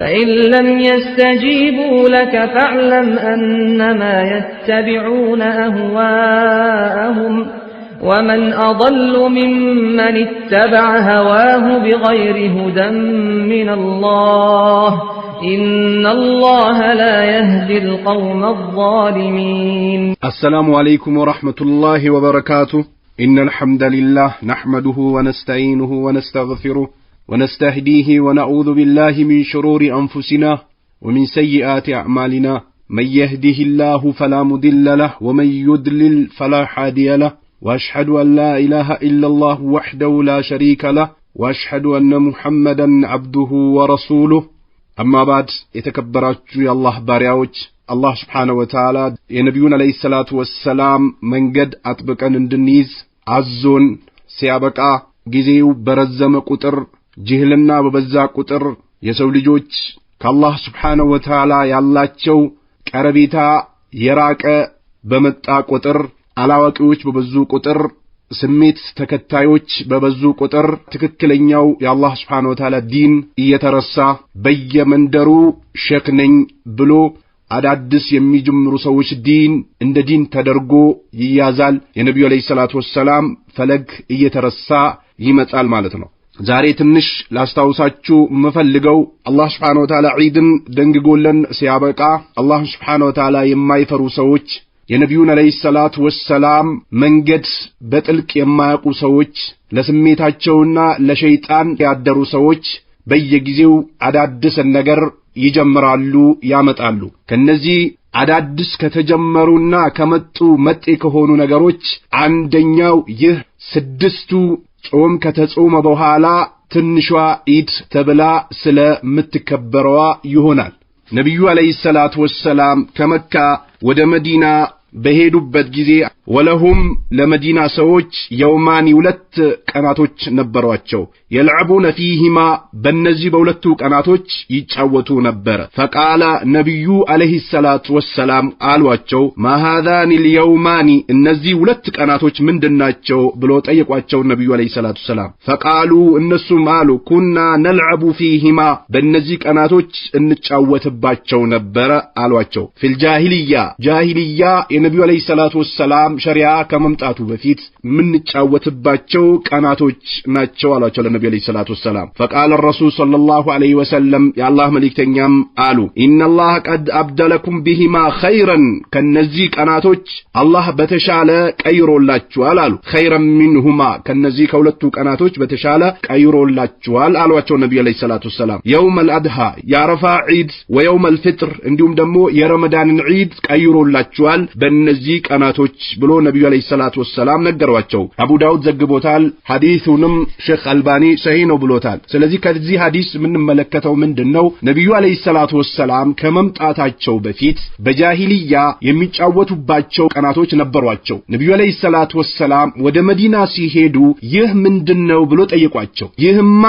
فإن لم يستجيبوا لك فاعلم أنما يتبعون أهواءهم ومن أضل ممن اتبع هواه بغير هدى من الله إن الله لا يهدي القوم الظالمين السلام عليكم ورحمة الله وبركاته إن الحمد لله نحمده ونستعينه ونستغفره ونستهديه ونعوذ بالله من شرور أنفسنا ومن سيئات أعمالنا من يهده الله فلا مضل له ومن يدلل فلا حادي له وأشهد أن لا إله إلا الله وحده لا شريك له وأشهد أن محمدا عبده ورسوله أما بعد الله የተከበራችሁ የአላህ ባሪያዎች አላህ ስብሓነ عليه የነቢዩን አለይሂ ሰላቱ ወሰላም መንገድ አጥብቀን እንድንይዝ عزون ሲያበቃ ጊዜው برزم قطر ጅህልና በበዛ ቁጥር የሰው ልጆች ከአላህ ስብሓነሁ ወተዓላ ያላቸው ቀረቤታ የራቀ በመጣ ቁጥር፣ አላዋቂዎች በበዙ ቁጥር፣ ስሜት ተከታዮች በበዙ ቁጥር ትክክለኛው የአላህ ስብሓነሁ ወተዓላ ዲን እየተረሳ በየመንደሩ ሼክ ነኝ ብሎ አዳዲስ የሚጀምሩ ሰዎች ዲን እንደ ዲን ተደርጎ ይያዛል። የነቢዩ ዓለይሂ ሰላቱ ወሰላም ፈለግ እየተረሳ ይመጣል ማለት ነው። ዛሬ ትንሽ ላስታውሳችሁ የምፈልገው አላህ ስብሓነሁ ወተዓላ ዒድን ደንግጎለን ሲያበቃ አላህ ስብሓነሁ ወተዓላ የማይፈሩ ሰዎች የነቢዩን ዓለይሂ ሰላት ወሰላም መንገድ በጥልቅ የማያውቁ ሰዎች፣ ለስሜታቸውና ለሸይጣን ያደሩ ሰዎች በየጊዜው አዳድስን ነገር ይጀምራሉ፣ ያመጣሉ። ከነዚህ አዳድስ ከተጀመሩና ከመጡ መጤ ከሆኑ ነገሮች አንደኛው ይህ ስድስቱ ጾም ከተጾመ በኋላ ትንሿ ኢድ ተብላ ስለምትከበረዋ ይሆናል። ነቢዩ አለይሂ ሰላቱ ወሰላም ከመካ ወደ መዲና በሄዱበት ጊዜ ወለሁም ለመዲና ሰዎች የውማኒ ሁለት ቀናቶች ነበሯቸው። የልዕቡነ ፊሂማ በእነዚህ በሁለቱ ቀናቶች ይጫወቱ ነበረ። ፈቃለ ነቢዩ አለይሂ ሰላት ወሰላም አሏቸው፣ ማሃዛኒ ልየውማኒ እነዚህ ሁለት ቀናቶች ምንድናቸው ብሎ ጠየቋቸው ነቢዩ አለይሂ ሰላት ወሰላም። ፈቃሉ እነሱም አሉ፣ ኩና ነልዕቡ ፊሂማ በእነዚህ ቀናቶች እንጫወትባቸው ነበረ አሏቸው። ፊልጃሂልያ ጃሂልያ የነቢዩ አለይሂ ሰላቱ ወሰላም ሸሪያ ከመምጣቱ በፊት የምንጫወትባቸው ቀናቶች ናቸው አሏቸው። ነቢ ዓለይሂ ሰላቱ ወሰላም ፈቃለ ረሱል ሰለላሁ ዓለይሂ ወሰለም የአላህ መልእክተኛም አሉ ኢነላህ ቀድ አብደለኩም ቢሂማ ኸይረን ከነዚህ ቀናቶች አላህ በተሻለ ቀይሮላችኋል አሉ። ኸይረን ሚንሁማ ከነዚህ ከሁለቱ ቀናቶች በተሻለ ቀይሮላችኋል አሏቸው ነቢ ዓለይሂ ሰላቱ ወሰላም። የውመል አድሃ የአረፋ ዒድ ወየውመል ፊጥር እንዲሁም ደግሞ የረመዳንን ዒድ ቀይሮላችኋል በእነዚህ ቀናቶች ብሎ ነቢዩ ዓለይሂ ሰላቱ ወሰላም ነገሯቸው። አቡ ዳውድ ዘግቦታል። ሐዲሱንም ሼክ አልባኒ ሰሂ ነው ብሎታል። ስለዚህ ከዚህ ሐዲስ የምንመለከተው ምንድን ነው? ነቢዩ አለይሂ ሰላቱ ወሰላም ከመምጣታቸው በፊት በጃሂልያ የሚጫወቱባቸው ቀናቶች ነበሯቸው። ነቢዩ አለይሂ ሰላቱ ወሰላም ወደ መዲና ሲሄዱ ይህ ምንድን ነው ብሎ ጠየቋቸው። ይህማ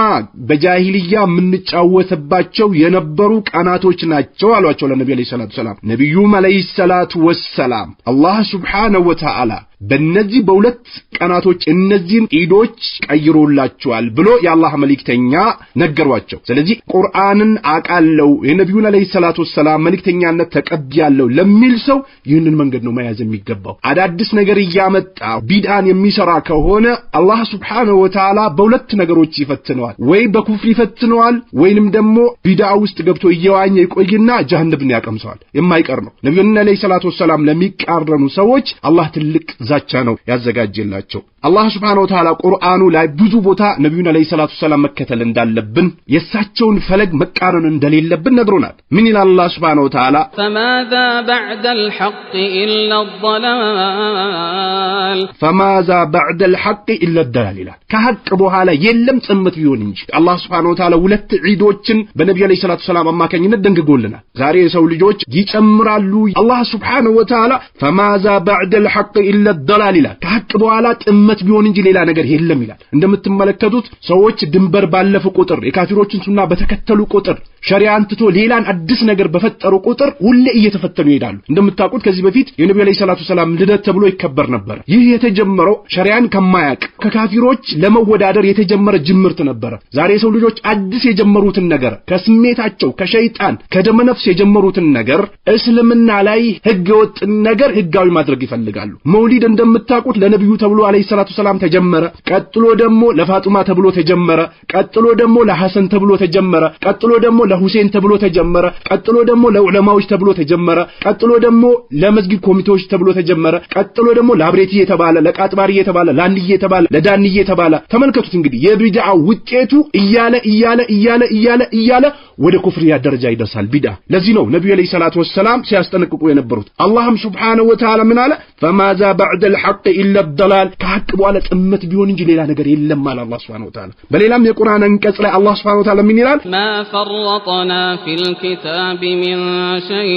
በጃሂልያ የምንጫወትባቸው የነበሩ ቀናቶች ናቸው አሏቸው ለነቢዩ አለይሂ ሰላቱ ወሰላም። ነቢዩም አለይሂ ሰላቱ ወሰላም አላህ ሱብሓነሁ ወተዓላ በእነዚህ በሁለት ቀናቶች እነዚህን ዒዶች ቀይሮላቸዋል ብሎ የአላህ መልእክተኛ ነገሯቸው። ስለዚህ ቁርአንን አቃለው የነቢዩን አለይ ሰላቱ ወሰላም መልእክተኛነት ተቀብያለሁ ለሚል ሰው ይህንን መንገድ ነው መያዝ የሚገባው። አዳዲስ ነገር እያመጣ ቢድአን የሚሰራ ከሆነ አላህ ሱብሓነሁ ወተዓላ በሁለት ነገሮች ይፈትነዋል። ወይ በኩፍር ይፈትነዋል፣ ወይንም ደግሞ ቢድአ ውስጥ ገብቶ እየዋኘ ይቆይና ጀሃነብን ያቀምሰዋል። የማይቀር ነው። ነቢዩን አለይ ሰላቱ ወሰላም ለሚቃረኑ ሰዎች አላህ ትልቅ ዛቻ ነው ያዘጋጀላቸው። الله سبحانه وتعالى قرآنه لا بزو بوتا نبينا عليه الصلاة والسلام مكة لندال لبن يساتشون فلق مكة لن دليل لبن ندرونات من الله سبحانه وتعالى فماذا بعد الحق إلا الضلال فماذا بعد الحق إلا الدلال كهك ربوها لا يلم تأمت بيونينج الله سبحانه وتعالى ولت عيد وچن بنبي عليه الصلاة والسلام أما كان يندن قول لنا زاري سولي جوج جيش أمرا الله سبحانه وتعالى فماذا بعد الحق إلا الضلال كهك ربوها لا تأمت ኡመት ቢሆን እንጂ ሌላ ነገር የለም ይላል። እንደምትመለከቱት ሰዎች ድንበር ባለፉ ቁጥር የካፊሮችን ሱና በተከተሉ ቁጥር ሸሪዓን ትቶ ሌላን አዲስ ነገር በፈጠሩ ቁጥር ሁሌ እየተፈተኑ ይሄዳሉ። እንደምታውቁት ከዚህ በፊት የነብዩ አለይሂ ሰላቱ ሰላም ልደት ተብሎ ይከበር ነበር። ይህ የተጀመረው ሸሪዓን ከማያቅ ከካፊሮች ለመወዳደር የተጀመረ ጅምርት ነበረ። ዛሬ የሰው ልጆች አዲስ የጀመሩትን ነገር ከስሜታቸው ከሸይጣን ከደመነፍስ የጀመሩትን ነገር እስልምና ላይ ህገወጥ ነገር ህጋዊ ማድረግ ይፈልጋሉ። መውሊድ እንደምታውቁት ለነብዩ ተብሎ አለይሂ ሰላቱ ሰላም ተጀመረ። ቀጥሎ ደግሞ ለፋጡማ ተብሎ ተጀመረ። ቀጥሎ ደግሞ ለሐሰን ተብሎ ተጀመረ። ቀጥሎ ደግሞ ለሁሴን ተብሎ ተጀመረ። ቀጥሎ ደግሞ ለዑለማዎች ተብሎ ተጀመረ። ቀጥሎ ደግሞ ለመስጊድ ኮሚቴዎች ተብሎ ተጀመረ። ቀጥሎ ደግሞ ለአብሬቲ የተባለ ለቃጥባሪ የተባለ ለአንድዬ የተባለ ለዳንዬ የተባለ ተመልከቱት እንግዲህ የቢድዓ ውጤቱ እያለ እያለ እያለ እያለ እያለ ወደ ኩፍሪያ ደረጃ ይደርሳል ቢዳ። ለዚህ ነው ነብዩ አለይሂ ሰላቱ ወሰላም ሲያስጠነቅቁ የነበሩት። አላህም ሱብሓነሁ ወተዓላ ምን አለ? ፈማዛ በዕደል ሐቅ ኢላ ዶላል፣ ከሐቅ በኋላ ጥመት ቢሆን እንጂ ሌላ ነገር የለም አለ አላህ ሱብሓነሁ ወተዓላ። በሌላም የቁርአን አንቀጽ ላይ አላህ ሱብሓነሁ ወተዓላ ምን ይላል? ማ ፈረጥና ፊል ኪታቢ ሚን ሸይ፣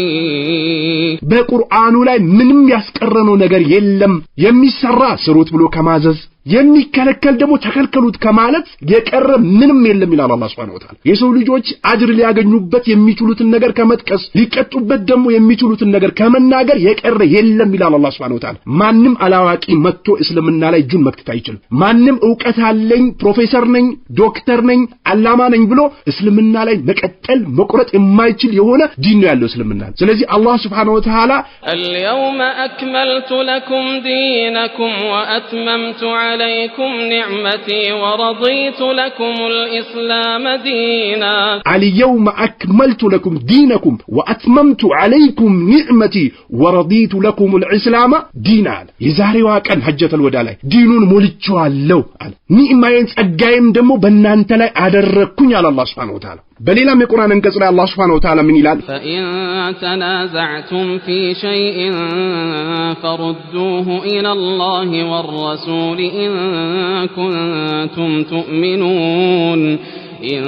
በቁርአኑ ላይ ምንም ያስቀረነው ነገር የለም። የሚሰራ ስሩት ብሎ ከማዘዝ የሚከለከል ደግሞ ተከልከሉት ከማለት የቀረ ምንም የለም ይላል አላህ ሱብሓነሁ ወተዓላ። የሰው ልጆች አጅር ሊያገኙበት የሚችሉትን ነገር ከመጥቀስ ሊቀጡበት ደግሞ የሚችሉትን ነገር ከመናገር የቀረ የለም ይላል አላህ ሱብሓነሁ ወተዓላ። ማንም አላዋቂ መጥቶ እስልምና ላይ እጁን መክተት አይችልም። ማንም እውቀት አለኝ፣ ፕሮፌሰር ነኝ፣ ዶክተር ነኝ፣ አላማ ነኝ ብሎ እስልምና ላይ መቀጠል መቁረጥ የማይችል የሆነ ዲን ነው ያለው እስልምና። ስለዚህ አላህ ሱብሓነሁ ወተዓላ አልየውመ አክመልቱ ለኩም ዲነኩም ወአትመምቱ عليكم نعمتي ورضيت لكم الإسلام دينا علي يوم أكملت لكم دينكم وأتممت عليكم نعمتي ورضيت لكم الإسلام دينا يزاري واك أن حجة الوداع دينون مولتشو اللو نعمة ينس أجايم دمو بنان تلا أدر على الله سبحانه وتعالى بل إلى من قرآن الله سبحانه وتعالى من إلى فإن تنازعتم في شيء فردوه إلى الله والرسول إن كنتم تؤمنون إن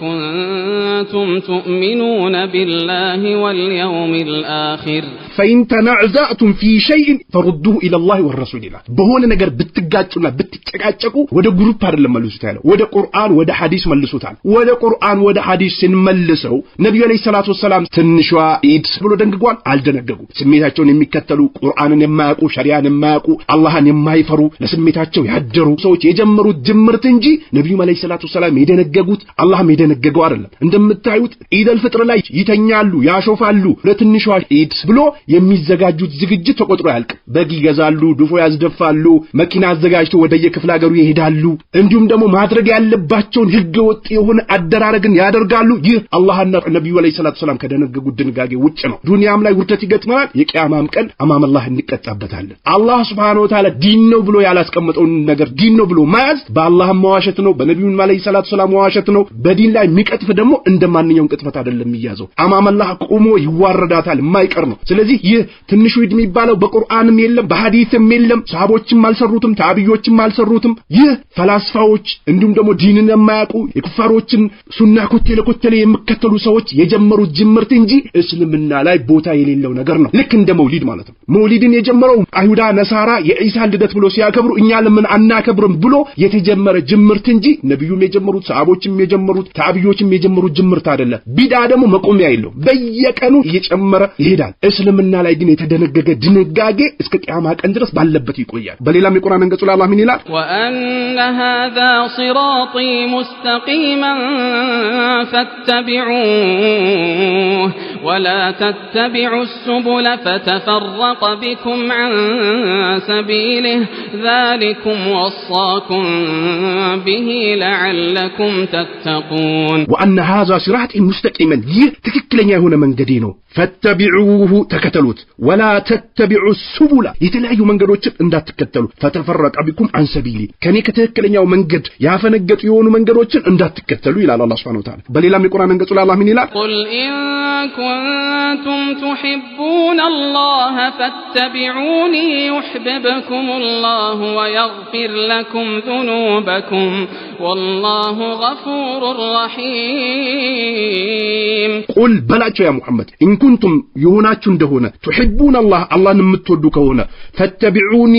كنتم تؤمنون بالله واليوم الآخر ۖ ፈኢን ተናዕዛዕቱም ፊ ሸይን ፈሩዱሁ ኢለላሂ ወረሱሊላ። በሆነ ነገር ብትጋጩና ብትጨቃጨቁ ወደ ግሩፕ አይደለም መልሱት ያለው ወደ ቁርአን ወደ ሐዲስ መልሱታል። ወደ ቁርአን ወደ ሐዲስ ስንመልሰው ነቢዩ ዓለይሂ ሰላቱ ወሰላም ትንሿ ኢድ ብሎ ደንግጓል። አልደነገጉ ስሜታቸውን የሚከተሉ ቁርአንን የማያውቁ ሸሪያን የማያውቁ አላህን የማይፈሩ ለስሜታቸው ያደሩ ሰዎች የጀመሩት ጅምርት እንጂ ነቢዩም ዓለይሂ ሰላቱ ወሰላም የደነገጉት አላህም የደነገገው አይደለም። እንደምታዩት ኢደል ፍጥር ላይ ይተኛሉ፣ ያሾፋሉ ለትንሿ ኢድ ብሎ የሚዘጋጁት ዝግጅት ተቆጥሮ ያልቅ። በግ ይገዛሉ፣ ድፎ ያስደፋሉ፣ መኪና አዘጋጅቶ ወደ የክፍለ ሀገሩ ይሄዳሉ። እንዲሁም ደግሞ ማድረግ ያለባቸውን ህገ ወጥ የሆነ አደራረግን ያደርጋሉ። ይህ አላህና ነቢዩ ዐለይሂ ሰላቱ ሰላም ከደነገጉት ድንጋጌ ውጭ ነው። ዱንያም ላይ ውርደት ይገጥመናል። የቅያማም ቀን አማመላህ እንቀጣበታለን። አላህ ሱብሓነሁ ወተዓላ ዲን ነው ብሎ ያላስቀመጠውን ነገር ዲን ነው ብሎ መያዝ በአላህም መዋሸት ነው፣ በነቢዩ ዐለይሂ ሰላቱ ሰላም መዋሸት ነው። በዲን ላይ የሚቀጥፍ ደግሞ እንደ ማንኛውም ቅጥፈት አይደለም የሚያዘው። አማመላህ ቆሞ ይዋረዳታል፣ የማይቀር ነው። ስለዚህ ስለዚህ ይህ ትንሹ ዒድ የሚባለው በቁርአንም የለም በሐዲስም የለም፣ ሰሃቦችም አልሰሩትም፣ ታቢዮችም አልሰሩትም። ይህ ፈላስፋዎች እንዲሁም ደግሞ ዲንን የማያውቁ የኩፋሮችን ሱና ኮቴለ ኮቴለ የሚከተሉ ሰዎች የጀመሩት ጅምርት እንጂ እስልምና ላይ ቦታ የሌለው ነገር ነው። ልክ እንደ መውሊድ ማለት ነው። መውሊድን የጀመረው አይሁዳ ነሳራ የኢሳን ልደት ብሎ ሲያከብሩ እኛ ለምን አናከብርም ብሎ የተጀመረ ጅምርት እንጂ ነቢዩም የጀመሩት ሰሃቦችም የጀመሩት ታቢዮችም የጀመሩት ጅምርት አይደለም። ቢዳ ደግሞ መቆሚያ የለውም። በየቀኑ እየጨመረ ይሄዳል እስልምና من نالجنة تدنجج دنجاجة إسكت يا عمك أندرس باللبتي قوية بل إلى مقرآن من ولا الله من إله وأن هذا صراطي مستقيما فاتبعوه ولا تتبعوا السبل فتفرق بكم عن سبيله ذلكم وصاكم به لعلكم تتقون وأن هذا صراطي مستقيما يتككلن يهون من قدينه فاتبعوه تكتب تكتلوت ولا تتبعوا السبل يتلعيو من قدو تشب اندات تكتلو فتفرق بكم عن سبيلي كان يكتلك لنياو من قد يا قد يونو من قدو تشب اندات تكتلو إلى الله سبحانه وتعالى بل إلى من قرآن من قدو الله من إله قل إن كنتم تحبون الله فاتبعوني يحببكم الله ويغفر لكم ذنوبكم والله غفور رحيم قل بلاتشو يا محمد إن كنتم يوناتشو اندهو ከሆነ ትሕቡን አላህ አላህን የምትወዱ ከሆነ ፈተቢዑኒ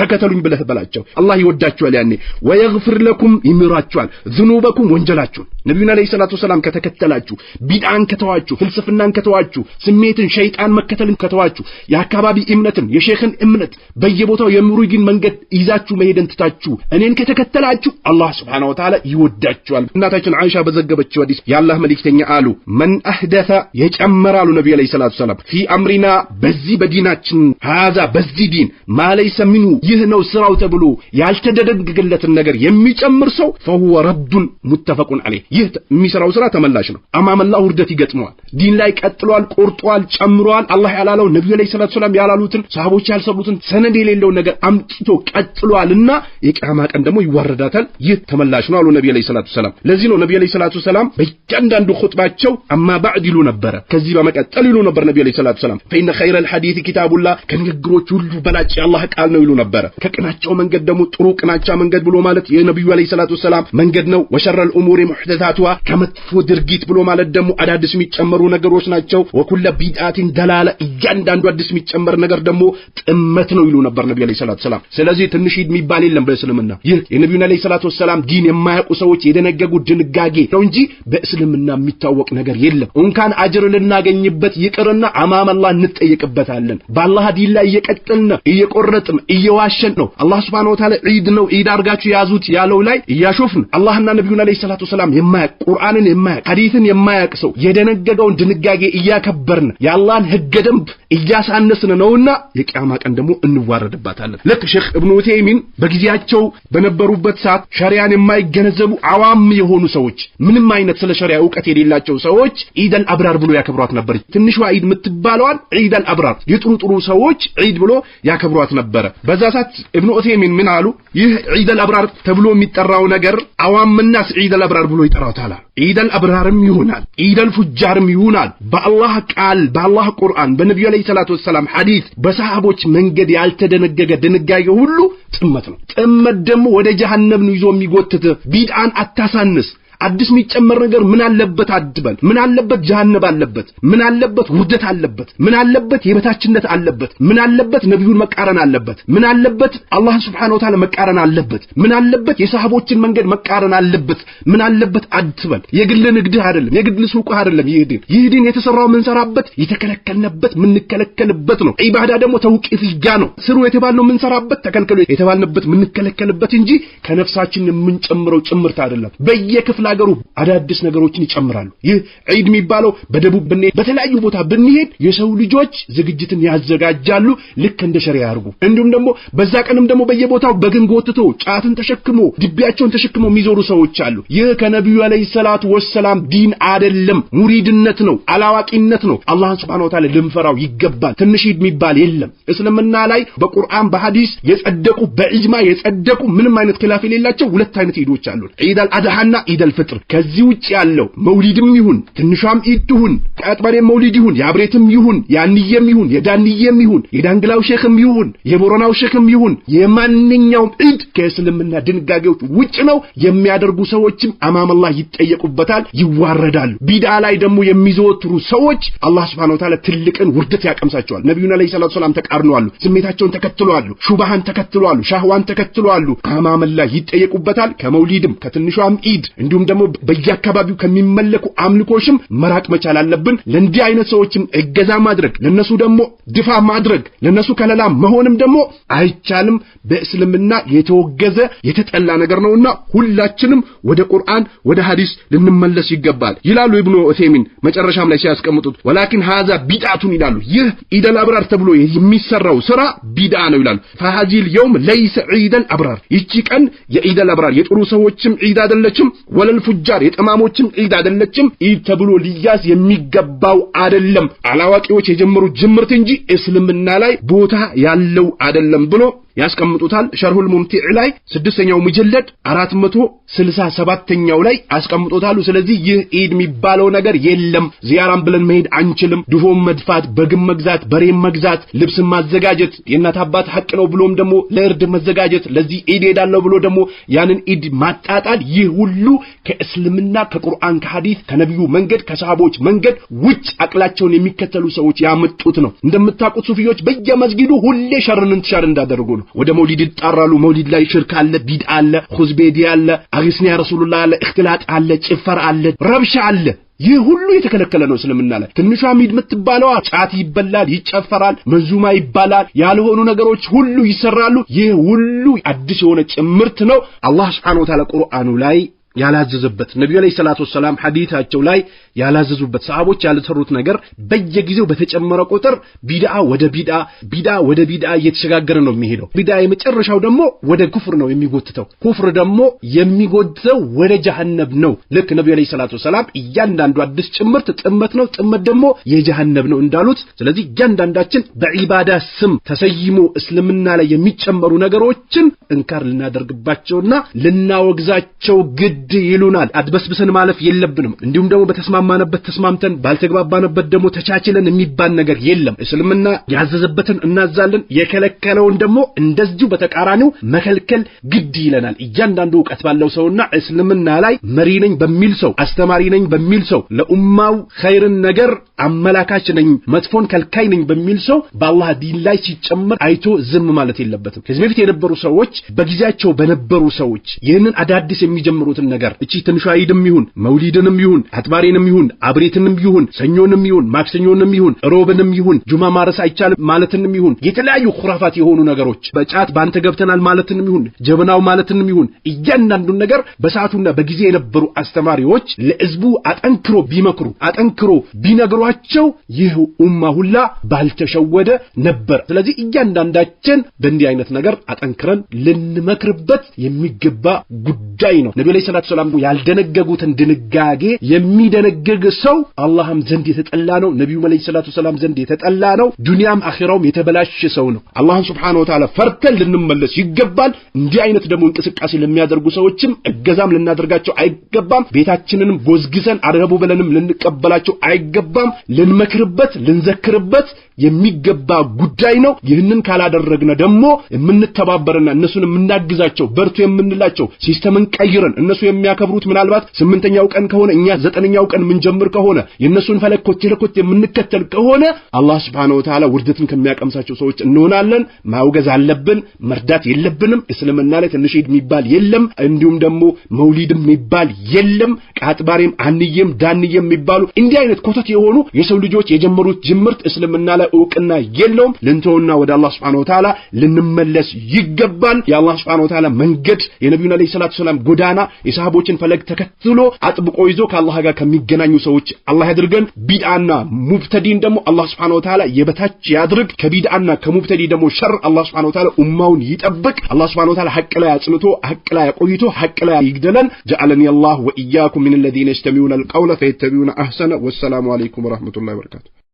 ተከተሉኝ ብለህ በላቸው። አላህ ይወዳችኋል። ያኔ ወየግፍር ለኩም ይምራችኋል፣ ዝኑበኩም ወንጀላችሁን። ነቢዩን ዓለይሂ ሰላቱ ወሰላም ከተከተላችሁ፣ ቢድዓን ከተዋችሁ፣ ፍልስፍናን ከተዋችሁ፣ ስሜትን ሸይጣን መከተልን ከተዋችሁ፣ የአካባቢ እምነትን የሼክን እምነት በየቦታው የምሩጊን መንገድ ይዛችሁ መሄደን ትታችሁ እኔን ከተከተላችሁ አላህ ስብሓነሁ ወተዓላ ይወዳችኋል። እናታችን አይሻ በዘገበችው ሐዲስ የአላህ መልእክተኛ አሉ መን አህደፈ የጨመራሉ ነቢዩ ዓለይሂ ሰላቱ ወሰላም በአምሪና በዚህ በዲናችን ሀዛ በዚህ ዲን ማለይሰ ሚኑ ይህ ነው ስራው ተብሎ ያልተደረገለትን ነገር የሚጨምር ሰው ፈሁወ ረዱን ሙተፈቁን አለይህ። ይህ የሚሰራው ስራ ተመላሽ ነው። አማመላ ውርደት ይገጥመዋል። ዲን ላይ ቀጥሏል፣ ቆርጧል፣ ጨምሯል። አላህ ያላለው ነብዩ ላይ ሰለላሁ ዐለይሂ ያላሉትን ሰሃቦች ያልሰሩትን ሰነድ የሌለውን ነገር አምጥቶ ቀጥሏልና የቂያማ ቀን ደግሞ ይዋረዳታል። ይህ ተመላሽ ነው አሉ ነብዩ ላይ ሰለላሁ ዐለይሂ ለዚህ ነው ነብዩ ላይ ሰላቱ ዐለይሂ ወሰለም በእያንዳንዱ ኹጥባቸው አማ ባዕድ ይሉ ነበረ። ከዚህ በመቀጠል ይሉ ነበር ነብዩ ላይ ሰለላሁ ዐለይሂ ፈኢነ ኸይረል ሐዲስ ኪታቡላህ ከንግግሮች ሁሉ በላጭ የአላህ ቃል ነው ይሉ ነበረ። ከቅናቸው መንገድ ደግሞ ጥሩ ቅናቻ መንገድ ብሎ ማለት የነቢዩ ዓለይሂ ሰላቱ ወሰላም መንገድ ነው። ወሸረል ኡሙሪ ሙሕደሳቱሃ ከመጥፎ ድርጊት ብሎ ማለት ደግሞ አዳዲስ የሚጨመሩ ነገሮች ናቸው። ወኩለ ቢድዓቲን ደላለ እያንዳንዱ አዲስ የሚጨመር ነገር ደግሞ ጥመት ነው ይሉ ነበር ነቢዩ ዓለይሂ ሰላቱ ወሰላም። ስለዚህ ትንሽ የሚባል የለም በእስልምና ይህ የነቢዩ ዓለይሂ ሰላቱ ወሰላም ዲን የማያውቁ ሰዎች የደነገጉ ድንጋጌ ነው እንጂ በእስልምና የሚታወቅ ነገር የለም። እንኳን አጅር ልናገኝበት ይቅርና አማመላ አላህ እንጠየቅበታለን። በአላህ ዲን ላይ እየቀጠልን እየቆረጥን እየዋሸን ነው። አላህ ሱብሓነሁ ወተዓላ ዒድ ነው ዒድ አድርጋችሁ ያዙት ያለው ላይ እያሾፍን አላህና ነብዩን አለይሂ ሰላቱ ሰላም የማያቅ ቁርአንን የማያቅ ሐዲትን የማያቅ ሰው የደነገገውን ድንጋጌ እያከበርን የአላህን ህገ ደንብ እያሳነስን ነውና የቂያማ ቀን ደግሞ እንዋረድባታለን። ልክ ሼክ እብኑ ዑተይሚን በጊዜያቸው በነበሩበት ሰዓት ሸሪያን የማይገነዘቡ አዋም የሆኑ ሰዎች ምንም አይነት ስለ ሸሪያ እውቀት የሌላቸው ሰዎች ዒደል አብራር ብሎ ያከብሯት ነበር። ትንሿ ዒድ የምትባለዋን ሰላም ዒዳን አብራር የጥሩ ጥሩ ሰዎች ዒድ ብሎ ያከብሯት ነበረ። በዛ ሰዓት ኢብኑ ዑሰይሚን ምን አሉ? ይህ ዒደል አብራር ተብሎ የሚጠራው ነገር አዋምናስ ዒደል አብራር ብሎ ይጠራውታል። ዒደል አብራርም ይሆናል፣ ዒደል ፉጃርም ይሆናል። በአላህ ቃል፣ በአላህ ቁርአን፣ በነቢዩ ዓለይሂ ሰላቱ ወሰላም ሐዲስ፣ በሰሃቦች መንገድ ያልተደነገገ ድንጋጌ ሁሉ ጥመት ነው። ጥመት ደግሞ ወደ ጀሃነም ነው ይዞ የሚጎትት ቢድአን አታሳንስ አዲስ የሚጨመር ነገር ምን አለበት አድበል፣ ምን አለበት ጀሃነብ አለበት፣ ምን አለበት ውርደት አለበት፣ ምን አለበት የበታችነት አለበት፣ ምን አለበት ነቢዩን መቃረን አለበት፣ ምን አለበት አላህን ሱብሓነሁ ወተዓላ መቃረን አለበት፣ ምን አለበት የሰሃቦችን መንገድ መቃረን አለበት፣ ምን አለበት አድበል። የግል ንግድህ አይደለም፣ የግል ሱቅህ አይደለም። ይህ ዲን ይህ ዲን የተሰራው የምንሰራበት የተከለከልንበት የምንከለከልበት ነው። ኢባዳ ደግሞ ተውቂት ጋ ነው። ስሩ የተባልነው የምንሰራበት ተከልከሉ የተባልንበት የምንከለከልበት እንጂ ከነፍሳችን የምንጨምረው ጭምርት አይደለም። በየክፍለ ለሀገሩ አዳዲስ ነገሮችን ይጨምራሉ። ይህ ዒድ የሚባለው በደቡብ ብንሄድ፣ በተለያዩ ቦታ ብንሄድ የሰው ልጆች ዝግጅትን ያዘጋጃሉ። ልክ እንደ ሸሪያ ያርጉ። እንዲሁም ደግሞ በዛ ቀንም ደግሞ በየቦታው በግን ጎትቶ ጫትን ተሸክሞ ድቢያቸውን ተሸክሞ የሚዞሩ ሰዎች አሉ። ይህ ከነቢዩ አለይሂ ሰላቱ ወሰላም ዲን አይደለም፣ ሙሪድነት ነው፣ አላዋቂነት ነው። አላህን ሱብሓነሁ ወተዓላ ልንፈራው ይገባል። ትንሽ ዒድ የሚባል የለም እስልምና ላይ በቁርአን በሐዲስ የጸደቁ በኢጅማ የጸደቁ ምንም አይነት ኪላፍ የሌላቸው ሁለት አይነት ዒዶች አሉ። ዒድ አልአድሃና ዒድ ፍጥር ከዚህ ውጭ ያለው መውሊድም ይሁን ትንሿም ኢድ ይሁን የአጥበሬም መውሊድ ይሁን የአብሬትም ይሁን የአንዬም ይሁን የዳንዬም ይሁን የዳንግላው ሼክም ይሁን የቦረናው ሼክም ይሁን የማንኛውም ኢድ ከእስልምና ድንጋጌዎች ውጭ ነው። የሚያደርጉ ሰዎችም አማመላህ ይጠየቁበታል፣ ይዋረዳሉ። ቢድዓ ላይ ደግሞ የሚዘወትሩ ሰዎች አላህ ሱብሓነሁ ወተዓላ ትልቅን ውርደት ያቀምሳቸዋል። ነቢዩን ዓለይሂ ሰላቱ ሰላም ተቃርነዋሉ፣ ስሜታቸውን ተከትለዋሉ፣ ሹባሃን ተከትለዋሉ፣ ሻህዋን ተከትለዋሉ። አማመላህ ይጠየቁበታል። ከመውሊድም ከትንሿም ኢድ እንዲሁም እንዲሁም ደግሞ በየአካባቢው ከሚመለኩ አምልኮሽም መራቅ መቻል አለብን። ለእንዲህ አይነት ሰዎችም እገዛ ማድረግ ለነሱ ደግሞ ድፋ ማድረግ ለነሱ ከለላ መሆንም ደግሞ አይቻልም። በእስልምና የተወገዘ የተጠላ ነገር ነውና ሁላችንም ወደ ቁርአን ወደ ሐዲስ ልንመለስ ይገባል ይላሉ ኢብኑ ዑሰይሚን መጨረሻም ላይ ሲያስቀምጡት ወላኪን ሃዛ ቢድዓቱን ይላሉ። ይህ ኢደል አብራር ተብሎ የሚሰራው ስራ ቢድዓ ነው ይላሉ። ፈሃዚል የውም ለይሰ ዒደል አብራር ይቺ ቀን የኢደል አብራር የጥሩ ሰዎችም ዒድ አይደለችም ወለ ፉጃር የጥማሞችም ዒድ አይደለችም። ዒድ ተብሎ ሊያዝ የሚገባው አይደለም። አላዋቂዎች የጀመሩት ጅምርት እንጂ እስልምና ላይ ቦታ ያለው አይደለም ብሎ ያስቀምጡታል። ሸርሁል ሙምቲዕ ላይ ስድስተኛው ምጀለድ አራት መቶ ስልሳ ሰባተኛው ላይ አስቀምጦታሉ። ስለዚህ ይህ ኢድ የሚባለው ነገር የለም። ዚያራም ብለን መሄድ አንችልም። ድፎም መድፋት፣ በግም መግዛት፣ በሬም መግዛት፣ ልብስም ማዘጋጀት የእናት አባት ሐቅ ነው ብሎም ደግሞ ለእርድ መዘጋጀት ለዚህ ኢድ ሄዳለሁ ብሎ ደግሞ ያንን ኢድ ማጣጣል ይህ ሁሉ ከእስልምና ከቁርአን ከሐዲስ ከነቢዩ መንገድ ከሰሃቦች መንገድ ውጭ አቅላቸውን የሚከተሉ ሰዎች ያመጡት ነው። እንደምታውቁት ሱፊዎች በየመስጊዱ ሁሌ ሸርን እንትሻር እንዳደረጉ ነው። ወደ መውሊድ ይጣራሉ። መውሊድ ላይ ሽርክ አለ፣ ቢድ አለ፣ ሁዝቤዲ አለ፣ አግስኒያ ረሱሉላህ አለ፣ እክትላጥ አለ፣ ጭፈር አለ፣ ረብሻ አለ። ይህ ሁሉ የተከለከለ ነው። እስልምና ላይ ትንሿ ሚድ የምትባለዋ ጫት ይበላል፣ ይጨፈራል፣ መንዙማ ይባላል፣ ያልሆኑ ነገሮች ሁሉ ይሰራሉ። ይህ ሁሉ አዲስ የሆነ ጭምርት ነው። አላህ ሱብሓነሁ ወተዓላ ቁርአኑ ላይ ያላዘዘበት ነቢዩ አለይሂ ሰላቱ ወሰላም ሐዲታቸው ላይ ያላዘዙበት ሰሃቦች ያልሰሩት ነገር በየጊዜው በተጨመረ ቁጥር ቢዳ ወደ ቢዳ ቢድዓ ወደ ቢዳ እየተሸጋገረ ነው የሚሄደው። ቢዳ የመጨረሻው ደግሞ ወደ ኩፍር ነው የሚጎትተው። ኩፍር ደግሞ የሚጎትተው ወደ ጀሃነብ ነው። ልክ ነቢዩ አለይሂ ሰላቱ ወሰላም እያንዳንዱ አዲስ ጭምርት ጥመት ነው፣ ጥመት ደግሞ የጀሃነብ ነው እንዳሉት፣ ስለዚህ እያንዳንዳችን በዒባዳ ስም ተሰይሞ እስልምና ላይ የሚጨመሩ ነገሮችን እንካር ልናደርግባቸውና ልናወግዛቸው ግድ ግድ ይሉናል። አድበስብሰን ማለፍ የለብንም። እንዲሁም ደግሞ በተስማማነበት ተስማምተን ባልተግባባነበት ደግሞ ተቻችለን የሚባል ነገር የለም። እስልምና ያዘዘበትን እናዛለን፣ የከለከለውን ደግሞ እንደዚሁ በተቃራኒው መከልከል ግድ ይለናል። እያንዳንዱ እውቀት ባለው ሰውና እስልምና ላይ መሪ ነኝ በሚል ሰው አስተማሪ ነኝ በሚል ሰው ለኡማው ኸይርን ነገር አመላካች ነኝ መጥፎን ከልካይ ነኝ በሚል ሰው በአላህ ዲን ላይ ሲጨመር አይቶ ዝም ማለት የለበትም። ከዚህ በፊት የነበሩ ሰዎች በጊዜያቸው በነበሩ ሰዎች ይህንን አዳዲስ የሚጀምሩትን ነገር እቺ ትንሿ ዒድም ይሁን መውሊድንም ይሁን አትባሬንም ይሁን አብሬትንም ይሁን ሰኞንም ይሁን ማክሰኞንም ይሁን ሮብንም ይሁን ጁማ ማረስ አይቻልም ማለትንም ይሁን የተለያዩ ኹራፋት የሆኑ ነገሮች በጫት ባንተ ገብተናል ማለትንም ይሁን ጀበናው ማለትንም ይሁን እያንዳንዱን ነገር በሰዓቱና በጊዜ የነበሩ አስተማሪዎች ለህዝቡ አጠንክሮ ቢመክሩ አጠንክሮ ቢነግሯቸው ይህ ኡማ ሁላ ባልተሸወደ ነበር። ስለዚህ እያንዳንዳችን በእንዲህ አይነት ነገር አጠንክረን ልንመክርበት የሚገባ ጉዳይ ነው። ነቢ ላይ ነቢያት ሰላም ያልደነገጉትን ድንጋጌ የሚደነግግ ሰው አላህም ዘንድ የተጠላ ነው። ነብዩ ዓለይሂ ሰላቱ ሰላም ዘንድ የተጠላ ነው። ዱንያም አኺራውም የተበላሸ ሰው ነው። አላህን ሱብሓነሁ ወተዓላ ፈርተን ልንመለስ ይገባል። እንዲህ አይነት ደግሞ እንቅስቃሴ ለሚያደርጉ ሰዎችም እገዛም ልናደርጋቸው አይገባም። ቤታችንንም ጎዝግዘን አረቡ ብለንም ልንቀበላቸው አይገባም። ልንመክርበት፣ ልንዘክርበት የሚገባ ጉዳይ ነው። ይህንን ካላደረግነ ደግሞ የምንተባበርና እነሱን የምናግዛቸው በርቱ የምንላቸው ሲስተምን ቀይረን እነሱ የሚያከብሩት ምናልባት ስምንተኛው ቀን ከሆነ እኛ ዘጠነኛው ቀን ምንጀምር ከሆነ የእነሱን ፈለግ ኮቴ ለኮቴ የምንከተል ከሆነ አላህ ስብሐነሁ ወተዓላ ውርደትን ከሚያቀምሳቸው ሰዎች እንሆናለን። ማውገዝ አለብን። መርዳት የለብንም። እስልምና ላይ ትንሽ የሚባል የለም። እንዲሁም ደግሞ መውሊድም የሚባል የለም። ቃጥባሬም፣ አንዬም፣ ዳንዬም የሚባሉ እንዲህ አይነት ኮተት የሆኑ የሰው ልጆች የጀመሩት ጅምርት እስልምና ላይ እውቅና የለውም። ልንተውና ወደ አላህ ስብሐነሁ ወተዓላ ልንመለስ ይገባል። የአላህ ስብሐነሁ ወተዓላ መንገድ የነቢዩን ዓለይሂ ሰላቱ ሰላም ጎዳና የሰሃቦችን ፈለግ ተከትሎ አጥብቆ ይዞ ከአላህ ጋር ከሚገናኙ ሰዎች አላህ ያድርገን። ቢድዓና ሙብተዲን ደግሞ አላህ ሱብሓነሁ ወተዓላ የበታች ያድርግ። ከቢድዓና ከሙብተዲ ደግሞ ሸር አላህ ሱብሓነሁ ወተዓላ ኡማውን ይጠብቅ። አላህ ሱብሓነሁ ወተዓላ ሐቅ ላይ አጽንቶ ሐቅ ላይ አቆይቶ ሐቅ ላይ ይግደለን። ጀዐለኒ አላህ ወኢያኩም ሚነል ለዚነ የስተሚዑነ አልቀውለ ፈየተቢዑነ አሕሰነ። ወሰላሙ ዐለይኩም ወረሕመቱላሂ ወበረካቱ